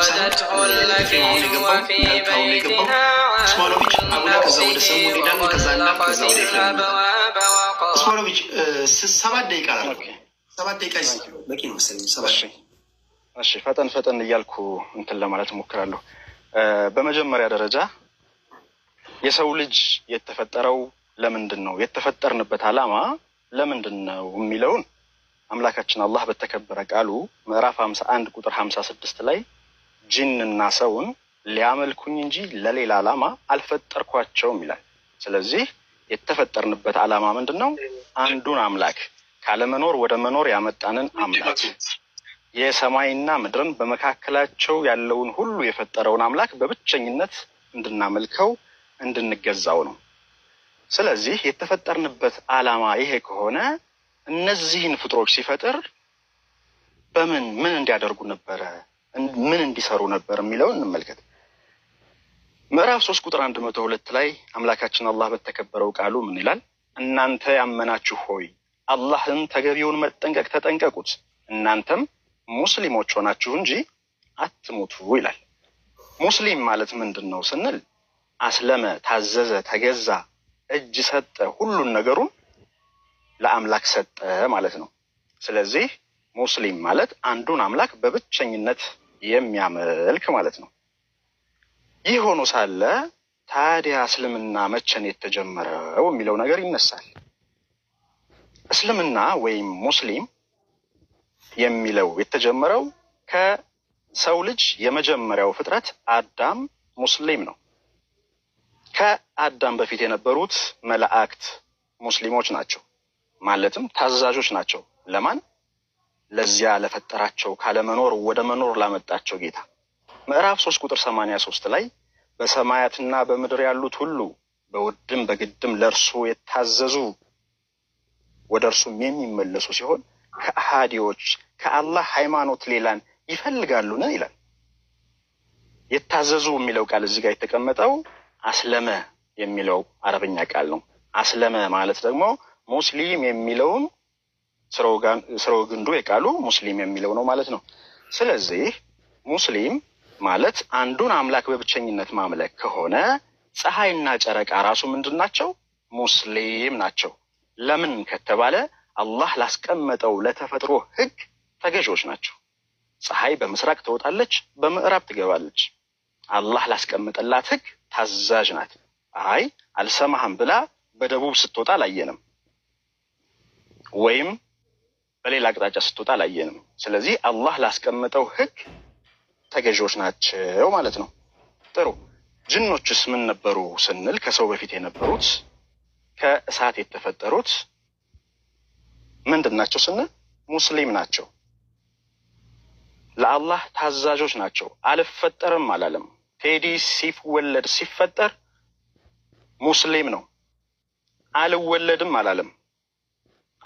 ከዛ ወደ ሰሙ ሄዳሉ። ከዛ ከዛ ወደ ሰባት ደቂቃ ሰባት ደቂቃ በቂ ነው መሰለኝ። ሰባት እሺ፣ ፈጠን ፈጠን እያልኩ እንትን ለማለት እሞክራለሁ። በመጀመሪያ ደረጃ የሰው ልጅ የተፈጠረው ለምንድን ነው? የተፈጠርንበት ዓላማ ለምንድን ነው የሚለውን አምላካችን አላህ በተከበረ ቃሉ ምዕራፍ ሀምሳ አንድ ቁጥር ሀምሳ ስድስት ላይ ጅንና ሰውን ሊያመልኩኝ እንጂ ለሌላ ዓላማ አልፈጠርኳቸውም ይላል። ስለዚህ የተፈጠርንበት ዓላማ ምንድን ነው? አንዱን አምላክ ካለመኖር ወደ መኖር ያመጣንን አምላክ የሰማይና ምድርን በመካከላቸው ያለውን ሁሉ የፈጠረውን አምላክ በብቸኝነት እንድናመልከው እንድንገዛው ነው። ስለዚህ የተፈጠርንበት ዓላማ ይሄ ከሆነ እነዚህን ፍጥሮች ሲፈጥር በምን ምን እንዲያደርጉ ነበረ? ምን እንዲሰሩ ነበር የሚለውን እንመልከት። ምዕራፍ ሶስት ቁጥር አንድ መቶ ሁለት ላይ አምላካችን አላህ በተከበረው ቃሉ ምን ይላል? እናንተ ያመናችሁ ሆይ አላህን ተገቢውን መጠንቀቅ ተጠንቀቁት፣ እናንተም ሙስሊሞች ሆናችሁ እንጂ አትሙቱ ይላል። ሙስሊም ማለት ምንድን ነው ስንል አስለመ፣ ታዘዘ፣ ተገዛ፣ እጅ ሰጠ፣ ሁሉን ነገሩን ለአምላክ ሰጠ ማለት ነው። ስለዚህ ሙስሊም ማለት አንዱን አምላክ በብቸኝነት የሚያመልክ ማለት ነው። ይህ ሆኖ ሳለ ታዲያ እስልምና መቼ ነው የተጀመረው የሚለው ነገር ይነሳል። እስልምና ወይም ሙስሊም የሚለው የተጀመረው ከሰው ልጅ የመጀመሪያው ፍጥረት አዳም ሙስሊም ነው። ከአዳም በፊት የነበሩት መላእክት ሙስሊሞች ናቸው፣ ማለትም ታዛዦች ናቸው ለማን ለዚያ ለፈጠራቸው ካለመኖር ወደ መኖር ላመጣቸው ጌታ ምዕራፍ ሶስት ቁጥር ሰማንያ ሶስት ላይ በሰማያትና በምድር ያሉት ሁሉ በውድም በግድም ለእርሱ የታዘዙ ወደ እርሱም የሚመለሱ ሲሆን ከአሃዲዎች ከአላህ ሃይማኖት ሌላን ይፈልጋሉን ይላል። የታዘዙ የሚለው ቃል እዚህ ጋር የተቀመጠው አስለመ የሚለው አረብኛ ቃል ነው። አስለመ ማለት ደግሞ ሙስሊም የሚለውን ስርወ ግንዱ የቃሉ ሙስሊም የሚለው ነው ማለት ነው። ስለዚህ ሙስሊም ማለት አንዱን አምላክ በብቸኝነት ማምለክ ከሆነ ፀሐይና ጨረቃ ራሱ ምንድን ናቸው? ሙስሊም ናቸው። ለምን ከተባለ አላህ ላስቀመጠው ለተፈጥሮ ህግ ተገዢዎች ናቸው። ፀሐይ በምስራቅ ትወጣለች፣ በምዕራብ ትገባለች። አላህ ላስቀመጠላት ህግ ታዛዥ ናት። አይ አልሰማህም ብላ በደቡብ ስትወጣ አላየንም ወይም በሌላ አቅጣጫ ስትወጣ አላየንም። ስለዚህ አላህ ላስቀመጠው ህግ ተገዢዎች ናቸው ማለት ነው። ጥሩ ጅኖችስ ምን ነበሩ ስንል ከሰው በፊት የነበሩት ከእሳት የተፈጠሩት ምንድን ናቸው ስንል ሙስሊም ናቸው፣ ለአላህ ታዛዦች ናቸው። አልፈጠርም አላለም። ቴዲ ሲወለድ ሲፈጠር ሙስሊም ነው። አልወለድም አላለም።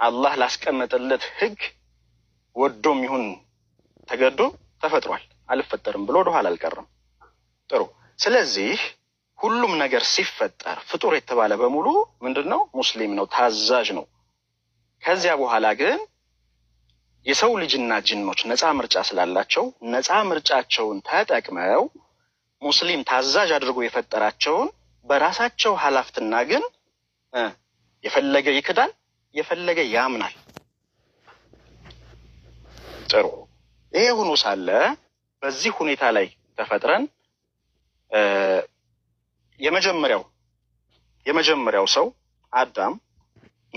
አላህ ላስቀመጠለት ህግ ወዶም ይሁን ተገዶ ተፈጥሯል። አልፈጠርም ብሎ ወደኋላ አልቀርም። ጥሩ። ስለዚህ ሁሉም ነገር ሲፈጠር ፍጡር የተባለ በሙሉ ምንድን ነው? ሙስሊም ነው፣ ታዛዥ ነው። ከዚያ በኋላ ግን የሰው ልጅና ጅኖች ነፃ ምርጫ ስላላቸው ነፃ ምርጫቸውን ተጠቅመው ሙስሊም ታዛዥ አድርጎ የፈጠራቸውን በራሳቸው ኃላፍትና ግን የፈለገ ይክዳል የፈለገ ያምናል። ጥሩ። ይሄ ሆኖ ሳለ በዚህ ሁኔታ ላይ ተፈጥረን የመጀመሪያው የመጀመሪያው ሰው አዳም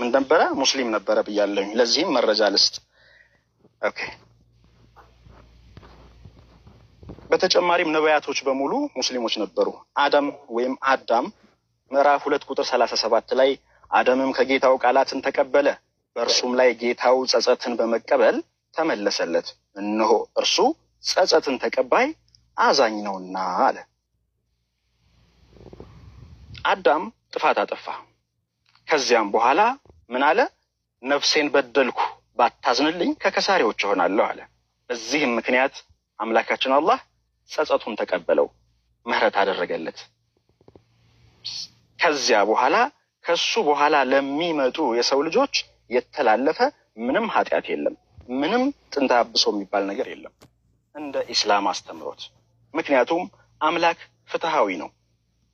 ምን ነበረ? ሙስሊም ነበረ ብያለሁኝ። ለዚህም መረጃ ልስጥ። ኦኬ። በተጨማሪም ነቢያቶች በሙሉ ሙስሊሞች ነበሩ። አዳም ወይም አዳም ምዕራፍ ሁለት ቁጥር ሰላሳ ሰባት ላይ አደምም ከጌታው ቃላትን ተቀበለ፣ በእርሱም ላይ ጌታው ጸጸትን በመቀበል ተመለሰለት። እነሆ እርሱ ጸጸትን ተቀባይ አዛኝ ነውና አለ። አዳም ጥፋት አጠፋ። ከዚያም በኋላ ምን አለ? ነፍሴን በደልኩ፣ ባታዝንልኝ ከከሳሪዎች እሆናለሁ አለ። በዚህም ምክንያት አምላካችን አላህ ጸጸቱን ተቀበለው፣ ምህረት አደረገለት። ከዚያ በኋላ ከሱ በኋላ ለሚመጡ የሰው ልጆች የተላለፈ ምንም ኃጢአት የለም። ምንም ጥንተ አብሶ የሚባል ነገር የለም እንደ ኢስላም አስተምሮት። ምክንያቱም አምላክ ፍትሃዊ ነው።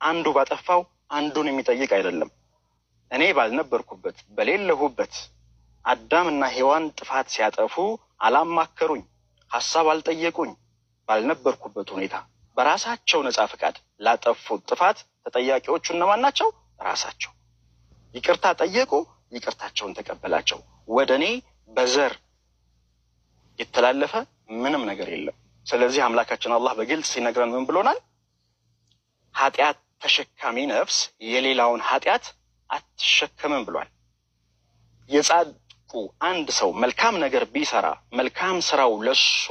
አንዱ ባጠፋው አንዱን የሚጠይቅ አይደለም። እኔ ባልነበርኩበት በሌለሁበት አዳምና ሔዋን ጥፋት ሲያጠፉ አላማከሩኝ፣ ሀሳብ አልጠየቁኝ። ባልነበርኩበት ሁኔታ በራሳቸው ነፃ ፈቃድ ላጠፉት ጥፋት ተጠያቂዎቹ እነማን ናቸው? ራሳቸው ይቅርታ ጠየቁ፣ ይቅርታቸውን ተቀበላቸው። ወደ እኔ በዘር የተላለፈ ምንም ነገር የለም። ስለዚህ አምላካችን አላህ በግልጽ ሲነግረን ምን ብሎናል? ኃጢአት ተሸካሚ ነፍስ የሌላውን ኃጢአት አትሸከምም ብሏል። የጻድቁ አንድ ሰው መልካም ነገር ቢሰራ መልካም ስራው ለሱ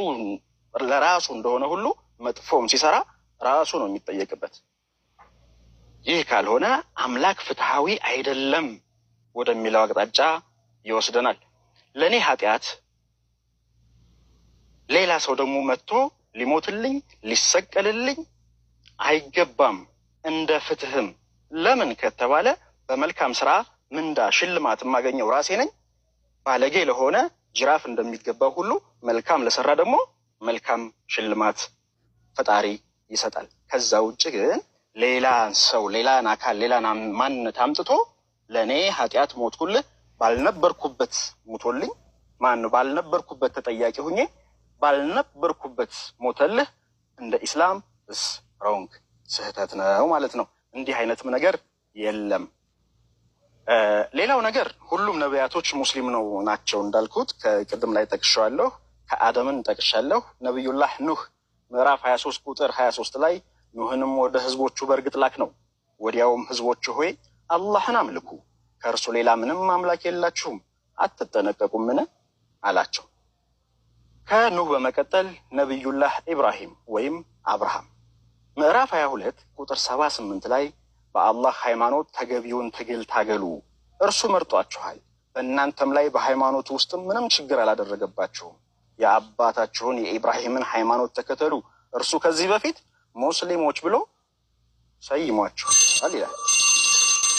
ለራሱ እንደሆነ ሁሉ መጥፎም ሲሰራ ራሱ ነው የሚጠየቅበት። ይህ ካልሆነ አምላክ ፍትሐዊ አይደለም ወደሚለው አቅጣጫ ይወስደናል። ለእኔ ኃጢአት ሌላ ሰው ደግሞ መጥቶ ሊሞትልኝ ሊሰቀልልኝ አይገባም እንደ ፍትህም ለምን ከተባለ በመልካም ስራ ምንዳ ሽልማት የማገኘው ራሴ ነኝ። ባለጌ ለሆነ ጅራፍ እንደሚገባው ሁሉ መልካም ለሰራ ደግሞ መልካም ሽልማት ፈጣሪ ይሰጣል። ከዛ ውጭ ግን ሌላን ሰው ሌላን አካል ሌላን ማንነት አምጥቶ ለእኔ ኃጢአት ሞትኩልህ ባልነበርኩበት ሞቶልኝ ማን ባልነበርኩበት ተጠያቂ ሁኜ ባልነበርኩበት ሞተልህ እንደ ኢስላም እስ ሮንግ ስህተት ነው ማለት ነው። እንዲህ አይነትም ነገር የለም። ሌላው ነገር ሁሉም ነቢያቶች ሙስሊም ነው ናቸው እንዳልኩት ከቅድም ላይ ጠቅሸዋለሁ። ከአደምን ጠቅሻለሁ። ነቢዩላህ ኑህ ምዕራፍ ሀያ ሶስት ቁጥር ሀያ ሶስት ላይ ኑህንም ወደ ህዝቦቹ በእርግጥ ላክ ነው። ወዲያውም ህዝቦቹ ሆይ አላህን አምልኩ፣ ከእርሱ ሌላ ምንም አምላክ የላችሁም፣ አትጠነቀቁምን አላቸው። ከኑህ በመቀጠል ነቢዩላህ ኢብራሂም ወይም አብርሃም ምዕራፍ 22 ቁጥር 78 ላይ በአላህ ሃይማኖት ተገቢውን ትግል ታገሉ፣ እርሱ መርጧችኋል፣ በእናንተም ላይ በሃይማኖት ውስጥም ምንም ችግር አላደረገባችሁም፣ የአባታችሁን የኢብራሂምን ሃይማኖት ተከተሉ፣ እርሱ ከዚህ በፊት ሙስሊሞች ብሎ ሰይሟቸዋል ይላል።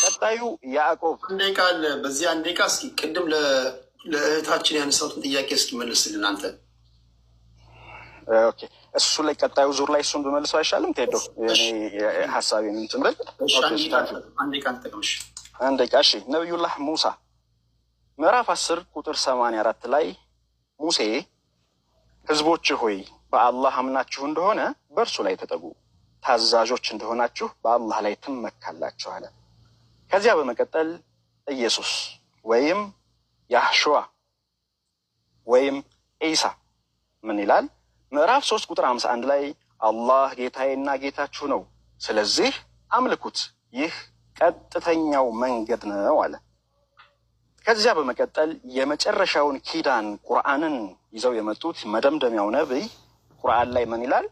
ቀጣዩ ያዕቆብ አንዴ ቃል በዚህ አንዴ ቃ እስኪ ቅድም ለእህታችን ያነሳሁትን ጥያቄ እስኪመልስልን አንተ እሱ ላይ ቀጣዩ ዙር ላይ እሱን ብመልሰው አይሻልም? ቴዶ ሀሳቢ ምንትን ብል አንዴ ቃ እሺ። ነቢዩላህ ሙሳ ምዕራፍ አስር ቁጥር ሰማንያ አራት ላይ ሙሴ ህዝቦች ሆይ በአላህ አምናችሁ እንደሆነ በእርሱ ላይ ተጠጉ፣ ታዛዦች እንደሆናችሁ በአላህ ላይ ትመካላችሁ አለ። ከዚያ በመቀጠል ኢየሱስ ወይም ያህሹዋ ወይም ዒሳ ምን ይላል? ምዕራፍ ሶስት ቁጥር ሃምሳ አንድ ላይ አላህ ጌታዬና ጌታችሁ ነው፣ ስለዚህ አምልኩት፣ ይህ ቀጥተኛው መንገድ ነው አለ። ከዚያ በመቀጠል የመጨረሻውን ኪዳን ቁርአንን ይዘው የመጡት መደምደሚያው ነብይ ቁርአን ላይ ምን ይላል?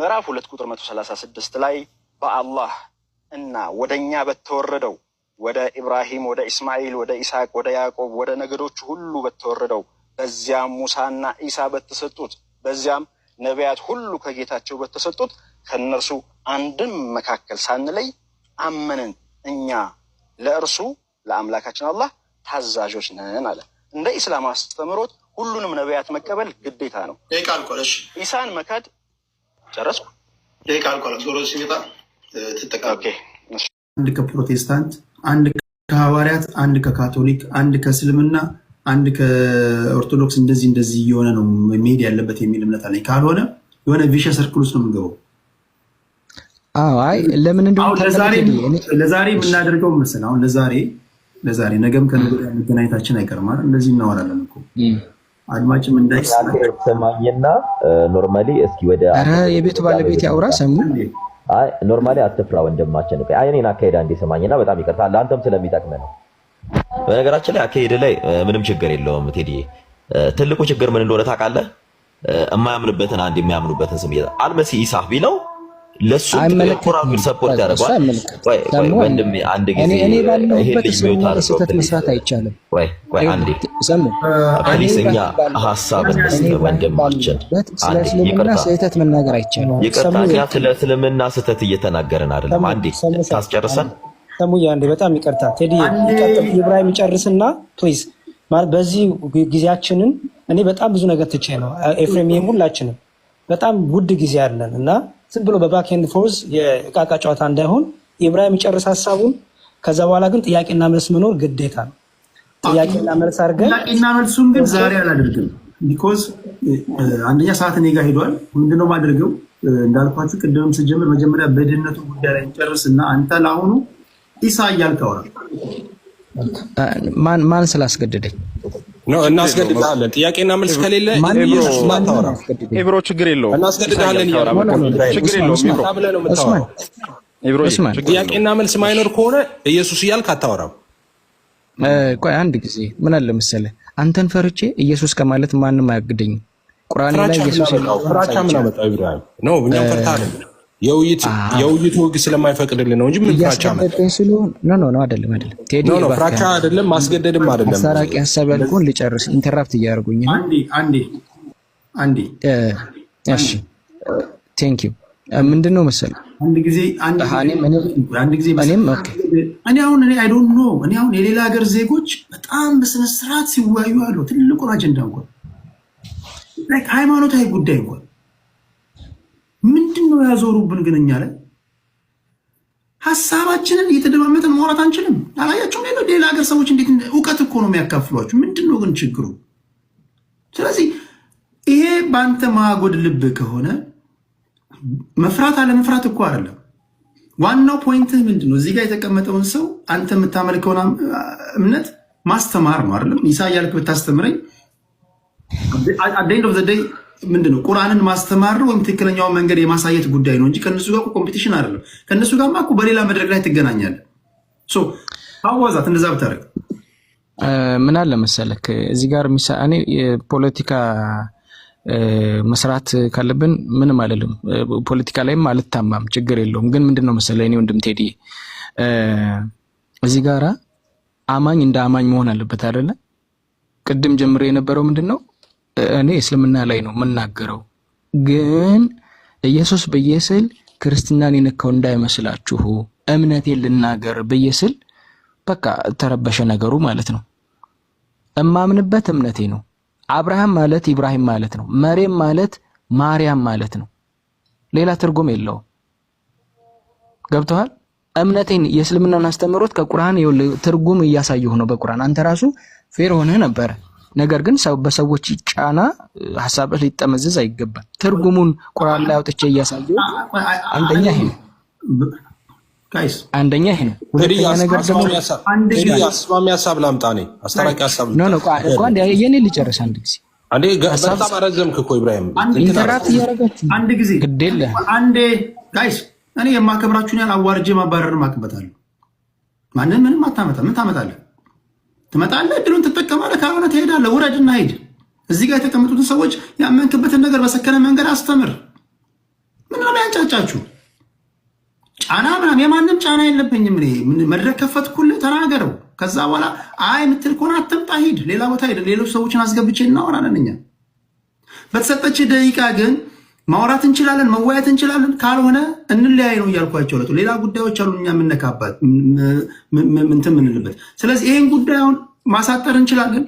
ምዕራፍ ሁለት ቁጥር መቶ ሰላሳ ስድስት ላይ በአላህ እና ወደ እኛ በተወረደው ወደ ኢብራሂም፣ ወደ ኢስማኤል፣ ወደ ኢስሐቅ፣ ወደ ያዕቆብ፣ ወደ ነገዶች ሁሉ በተወረደው በዚያም ሙሳና ኢሳ በተሰጡት በዚያም ነቢያት ሁሉ ከጌታቸው በተሰጡት ከእነርሱ አንድም መካከል ሳንለይ አመንን እኛ ለእርሱ ለአምላካችን አላህ ታዛዦች ነን አለ። እንደ ኢስላም አስተምሮት ሁሉንም ነቢያት መቀበል ግዴታ ነው። ኢሳን መካድ ጨረስኩ። አንድ ከፕሮቴስታንት፣ አንድ ከሐዋርያት፣ አንድ ከካቶሊክ፣ አንድ ከእስልምና፣ አንድ ከኦርቶዶክስ እንደዚህ እንደዚህ እየሆነ ነው መሄድ ያለበት የሚል እምነት አለኝ። ካልሆነ የሆነ ቪሸ ሰርክል ውስጥ ነው የምንገባው። አይ ለምን ለዛሬ የምናደርገው መሰለህ? አሁን ለዛሬ ለዛሬ ነገም ከነገ መገናኘታችን አይቀርም። እንደዚህ እናወራለን እኮ አድማጭም እንዳይሰማ ሰማኝና ኖርማሊ እስኪ ወደ የቤቱ ባለቤት ያውራ ሰሙ ኖርማሊ አትፍራ ወንድማችን አይኔን አካሄድ አንዴ ሰማኝና በጣም ይቅርታ ለአንተም ስለሚጠቅም ነው በነገራችን ላይ አካሄድ ላይ ምንም ችግር የለውም ቴዲ ትልቁ ችግር ምን እንደሆነ ታውቃለህ የማያምንበትን አንድ የሚያምኑበትን ስም አልመሲ ኢሳ ቢለው ለሱ ቁራን ሰፖርት ያደርገዋል። ወንድሜ አንድ ጊዜ ስህተት መስራት አይቻልም። እኛ ሀሳብ እንስጥ ወንድማችን፣ ስለእስልምና ስህተት መናገር አይቻልም። ይቅርታ፣ ስለ እስልምና ስህተት እየተናገርን አይደለም። አንዴ ታስጨርሰን ሰሙዬ፣ አንዴ በጣም ይቅርታ ቴዲ፣ ኢብራሂም ይጨርስና ፕሊዝ። ማለት በዚህ ጊዜያችንን እኔ በጣም ብዙ ነገር ትቼ ነው ኤፍሬም፣ ሁላችንም በጣም ውድ ጊዜ አለን እና ዝም ብሎ በባክ ኤንድ ፎርዝ የእቃቃ ጨዋታ እንዳይሆን ኢብራሂም ይጨርስ ሀሳቡን። ከዛ በኋላ ግን ጥያቄና መልስ መኖር ግዴታ ነው። ጥያቄና መልስ አድርገን ጥያቄና መልሱን ግን ዛሬ አላደርግም። ቢኮዝ አንደኛ ሰዓት እኔ ጋር ሄዷል። ምንድነው ማደርገው እንዳልኳችሁ ቅድምም ስጀምር መጀመሪያ በድህነቱ ጉዳይ ላይ ጨርስ እና አንተ ለአሁኑ ኢሳ እያልክ አውራ። ማን ማን ስላስገደደኝ ነው እናስገድድሃለን። ጥያቄና መልስ ከሌለ ኢብሮ ችግር የለውም እናስገድድሃለን። ጥያቄና መልስ ማይኖር ከሆነ ኢየሱስ እያልክ አታወራም። ቆይ አንድ ጊዜ ምን አለ መሰለህ፣ አንተን ፈርቼ ኢየሱስ ከማለት ማንም አያግደኝም። ቁርአን ላይ ኢየሱስ ፍራቻ ምን አመጣው? ኢብራሂም ነው እኛም ፈርታ አይደለም የውይይቱ ህግ ስለማይፈቅድልን ነው እንጂ አደለም ፍራቻ አይደለም። ፍራቻ አይደለም፣ ማስገደድም አይደለም። አስታራቂ ሀሳብ ያልኩህን ልጨርስ። ኢንተራፕት እያደረጉኝ ቴንክ ዩ ምንድን ነው መሰለህ እኔ አሁን እኔ አይዶን ኖ እኔ አሁን የሌላ ሀገር ዜጎች በጣም በስነስርዓት ሲወያዩ አሉ። ትልቁን አጀንዳ እንኳን ሃይማኖታዊ ጉዳይ እንኳን ምንድን ነው ያዞሩብን? ግን እኛ ላይ ሀሳባችንን እየተደማመጠን ማውራት አንችልም። አላያቸውም? ሌላ ሌላ ሀገር ሰዎች እንዴት እውቀት እኮ ነው የሚያካፍሏችሁ። ምንድን ነው ግን ችግሩ? ስለዚህ ይሄ በአንተ ማጎድ ልብ ከሆነ መፍራት አለመፍራት እኮ አይደለም። ዋናው ፖይንትህ ምንድን ነው? እዚህ ጋር የተቀመጠውን ሰው አንተ የምታመልከውን እምነት ማስተማር ነው አይደለም? ኢሳ እያልክ ብታስተምረኝ አደንድ ኦፍ ዘ ምንድን ነው ቁርአንን ማስተማር ወይም ትክክለኛውን መንገድ የማሳየት ጉዳይ ነው እንጂ ከእነሱ ጋር ኮምፒቲሽን አይደለም። ከእነሱ ጋር እኮ በሌላ መድረክ ላይ ትገናኛለህ። አዋዛት እንደዛ ብታደርግ ምን አለ መሰለክ እዚህ ጋር እኔ የፖለቲካ መስራት ካለብን ምንም አይደለም። ፖለቲካ ላይም አልታማም፣ ችግር የለውም። ግን ምንድን ነው መሰለ እኔ ወንድም ቴዲ እዚህ ጋራ አማኝ እንደ አማኝ መሆን አለበት አይደለ? ቅድም ጀምሮ የነበረው ምንድን ነው እኔ እስልምና ላይ ነው የምናገረው። ግን ኢየሱስ ብዬ ስል ክርስትናን የነካው እንዳይመስላችሁ እምነቴን ልናገር ብዬ ስል በቃ ተረበሸ ነገሩ ማለት ነው። እማምንበት እምነቴ ነው። አብርሃም ማለት ኢብራሂም ማለት ነው። መሬም ማለት ማርያም ማለት ነው። ሌላ ትርጉም የለውም። ገብተዋል። እምነቴን የእስልምናን አስተምህሮት ከቁርአን ትርጉም እያሳየሁ ነው። በቁርአን አንተ ራሱ ፌር ሆነህ ነበረ። ነገር ግን በሰዎች ጫና ሀሳብ ሊጠመዘዝ አይገባል። ትርጉሙን ቁርአን ላይ አውጥቼ እያሳየ አንደኛ ይሄ አንደኛ ይሄ ነው። ሁለተኛ ነገር ደግሞ አስማሚ ሀሳብ ላምጣ እኔ አስታራቂ ሀሳብ የኔ ልጨርስ አንድ ጊዜ አንዴ በጣም አረዘምክ እኮ ኢብራሂም፣ ኢንተራት አንድ ጊዜ ግድ አንዴ። ጋይስ እኔ የማከብራችሁን ያህል አዋርጄ ማባረርን ማቅበታለሁ። ማንም ምንም አታመጣ ምን ታመጣለህ? ትመጣለህ፣ እድሉን ትጠቀማለህ። ካልሆነ ትሄዳለህ። ውረድና ሂድ። እዚህ ጋር የተቀመጡትን ሰዎች ያመንክበትን ነገር በሰከነ መንገድ አስተምር። ምን ነው ያንጫጫችሁ? ጫና ምናምን የማንም ጫና የለብኝም መድረክ ከፈትኩልህ፣ ተናገረው። ከዛ በኋላ አይ የምትል ከሆነ አትምጣ፣ ሂድ፣ ሌላ ቦታ ሌሎች ሰዎችን አስገብቼ እናወራለን እኛ በተሰጠች ደቂቃ ግን ማውራት እንችላለን፣ መወያየት እንችላለን። ካልሆነ እንለያይ ነው እያልኳቸው ለቱ ሌላ ጉዳዮች አሉ እኛ የምነካባት እንትን ምንልበት። ስለዚህ ይህን ጉዳዩን ማሳጠር እንችላለን።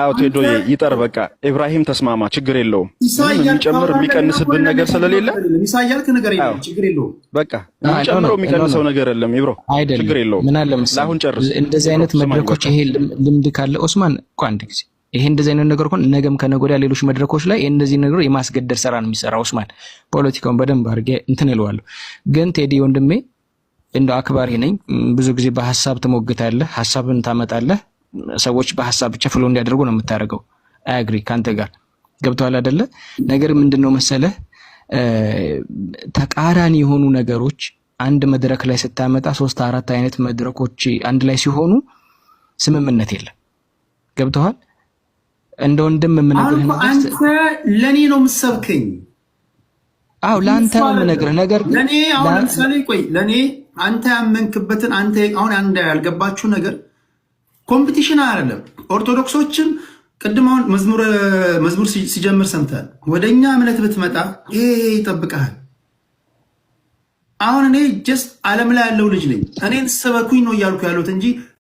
አዎ ቴዶ ይጠር በቃ ኢብራሂም ተስማማ፣ ችግር የለውም። የሚጨምር የሚቀንስብን ነገር ስለሌለ ሚሳያልክ ነገር ችግር የለውም። በቃ የሚጨምረው የሚቀንሰው ነገር የለም። ይብሮ አይደለም ችግር የለውም። ምን አለ መሰለህ አሁን ጨርስ። እንደዚህ አይነት መድረኮች ይሄ ልምድ ካለ ኦስማን እኮ አንድ ጊዜ ይሄ እንደዚህ አይነት ነገር ከሆነ ነገም ከነገ ሌሎች መድረኮች ላይ እንደዚህ ነገር የማስገደድ ስራ ነው የሚሰራው። ኡስማን ፖለቲካውን በደንብ አድርጌ እንትን እለዋለሁ። ግን ቴዲ ወንድሜ እንደ አክባሪ ነኝ። ብዙ ጊዜ በሀሳብ ትሞግታለህ፣ ሀሳብን ታመጣለህ። ሰዎች በሀሳብ ብቻ ፍሎ እንዲያደርጉ ነው የምታደርገው። አያግሪ ከአንተ ጋር ገብተዋል አይደለ? ነገር ምንድን ነው መሰለህ ተቃራኒ የሆኑ ነገሮች አንድ መድረክ ላይ ስታመጣ ሶስት አራት አይነት መድረኮች አንድ ላይ ሲሆኑ ስምምነት የለም። ገብተዋል እንደ ወንድም የምነግርህ አንተ ለእኔ ነው የምሰብከኝ። አዎ ለአንተ ነው የምነግርህ ነገር ግን ለእኔ አሁን ለምሳሌ ቆይ ለእኔ አንተ ያመንክበትን አንተ አሁን አንድ ያልገባችሁ ነገር ኮምፒቲሽን አይደለም። ኦርቶዶክሶችም ቅድም አሁን መዝሙር መዝሙር ሲጀምር ሰምተሃል። ወደ እኛ እምነት ብትመጣ ይሄ ይጠብቀሃል። አሁን እኔ ጀስት ዓለም ላይ ያለው ልጅ ነኝ። እኔን ስበኩኝ ነው እያልኩ ያሉት እንጂ